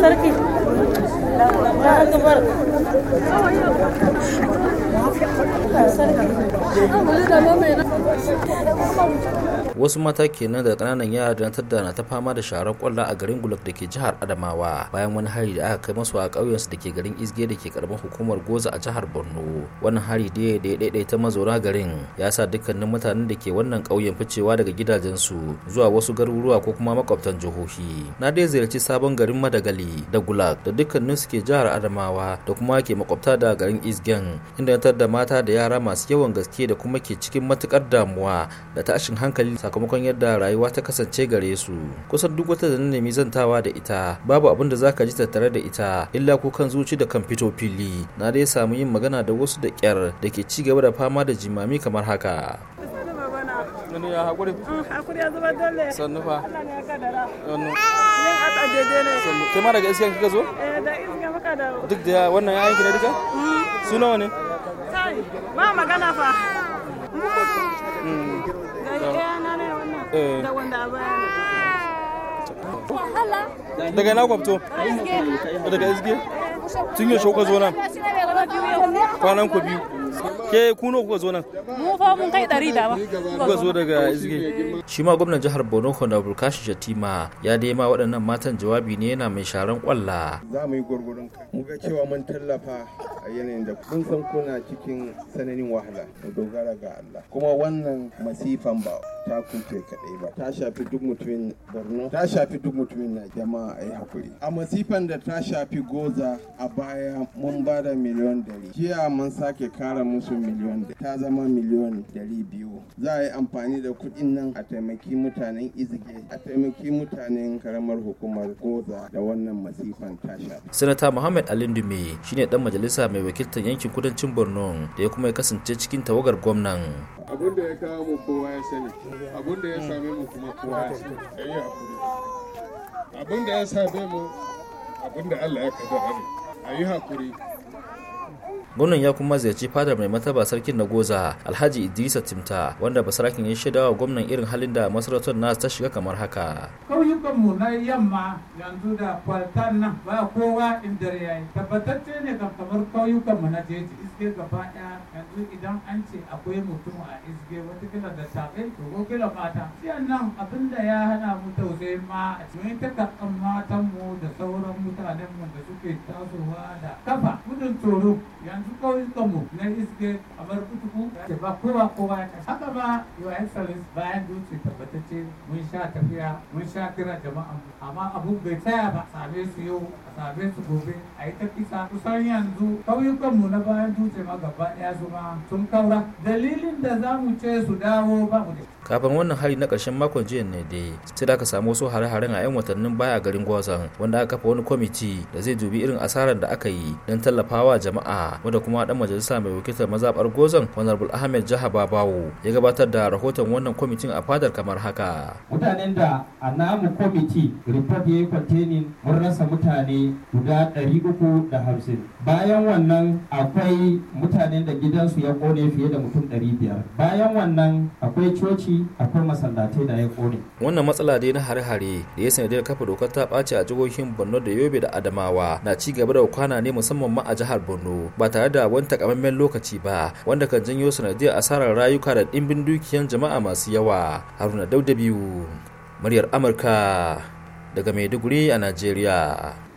sarki sarki wasu mata nan da kananan yara da da na ta fama da sharar kwalla a garin gulak da ke jihar adamawa bayan wani hari da aka kai masu a ƙauyensu da ke garin isge da ke karamar hukumar goza a jihar borno wannan hari da ya daidaita mazauna garin ya sa dukkanin mutanen da ke wannan ƙauyen ficewa daga gidajensu zuwa wasu garuruwa ko kuma makwabtan jihohi na dai ziyarci sabon garin madagali da gulag da dukkanin su ke jihar adamawa da kuma ke makwabta da garin izgen inda na da mata da yara masu yawan gaske da kuma ke cikin matukar damuwa da tashin hankali sakamakon yadda rayuwa ta kasance gare su kusan duk wata da na nemi zantawa da ita babu abin da zaka ji tattare da ita illa kan zuci da kan fito fili na dai samu yin magana da wasu da kyar da ke ci gaba da fama da jimami kamar haka ya fa shima eh. jihar daga na daga izge tun da ba kuka zo daga ma gwamnan jihar borno jatima ya nema waɗannan matan jawabi ne yana mai sharan kwalla za mu yi gurgurun mu ga cewa mun tallafa a yanayin da kun san kuna cikin sananin wahala da dogara ga Allah kuma wannan masifan ba ta kuke kaɗai ba ta shafi duk mutumin Borno ta shafi duk mutumin na jama'a ai hakuri a masifan da ta shafi goza a baya mun ba da miliyon dari jiya mun sake kara musu miliyon ta zama miliyon dari biyu za a yi amfani da kuɗin nan a taimaki mutanen izige a taimaki mutanen karamar hukumar goza da wannan masifan ta shafi sanata muhammad alindume shine dan majalisa mai mai wakiltar yankin kudancin borno da ya kuma ya kasance cikin tawagar gwamnan abin da ya kawo mu kowa ya sani abin da ya same mu kuma kowa ya sani abin da ya same mu abin da allah ya kaddara ne a yi hakuri gwamnan ya kuma ziyarci fadar mai mataba sarkin na goza alhaji idrisa timta wanda basarakin ya shaida wa gwamnan irin halin da masarautar nasu ta shiga kamar haka kauyukanmu na yamma yanzu da kwaltan nan ba kowa inda yi tabbatacce ne kamar ƙauyukanmu na jeji iske gaba ɗaya yanzu idan an ce akwai mutum a isge kira da taɓe to ko kila mata siyan nan abinda ya hana mu tausayin ma a cikin matan matanmu da sauran mutanenmu da suke tasowa da kafa gudun tsoro yanzu kauyukanmu na isge a ya ce ba kowa kowa ya haka ba your excellence bayan dutse tabbatacce mun sha tafiya mun sha kira jama'a amma abu bai tsaya ba same su yau a same su gobe a yi ta kisa kusan yanzu kauyukanmu na bayan dutse ma gaba ɗaya su su sun kaura dalilin da za mu ce su dawo ba kafin wannan hari na ƙarshen makon jiya ne dai sai da aka samu wasu hare-haren a 'yan watannin baya garin gwazan wanda aka kafa wani kwamiti da zai dubi irin asarar da aka yi don tallafawa jama'a wanda kuma dan majalisa mai wakiltar mazabar gwazan honorable ahmed jiha babawo ya gabatar da rahoton wannan kwamitin a fadar kamar haka mutanen da a namu kwamiti report ya yi containing mun rasa mutane guda ɗari uku da hamsin bayan wannan akwai mutanen da gidansu ya kone fiye da mutum ɗari biyar bayan wannan akwai coci akwai masallatai da ya kone. Wannan matsala dai na hare-hare da ya sanadiyar kafa dokar ta ɓace a jihohin Borno da Yobe da Adamawa na ci gaba da kwana ne musamman ma a jihar Borno ba tare da wani takamaimen lokaci ba wanda kan janyo sanadiyar asarar rayuka da ɗimbin dukiyan jama'a masu yawa. Haruna Dauda biyu muryar Amurka daga Maiduguri a Najeriya.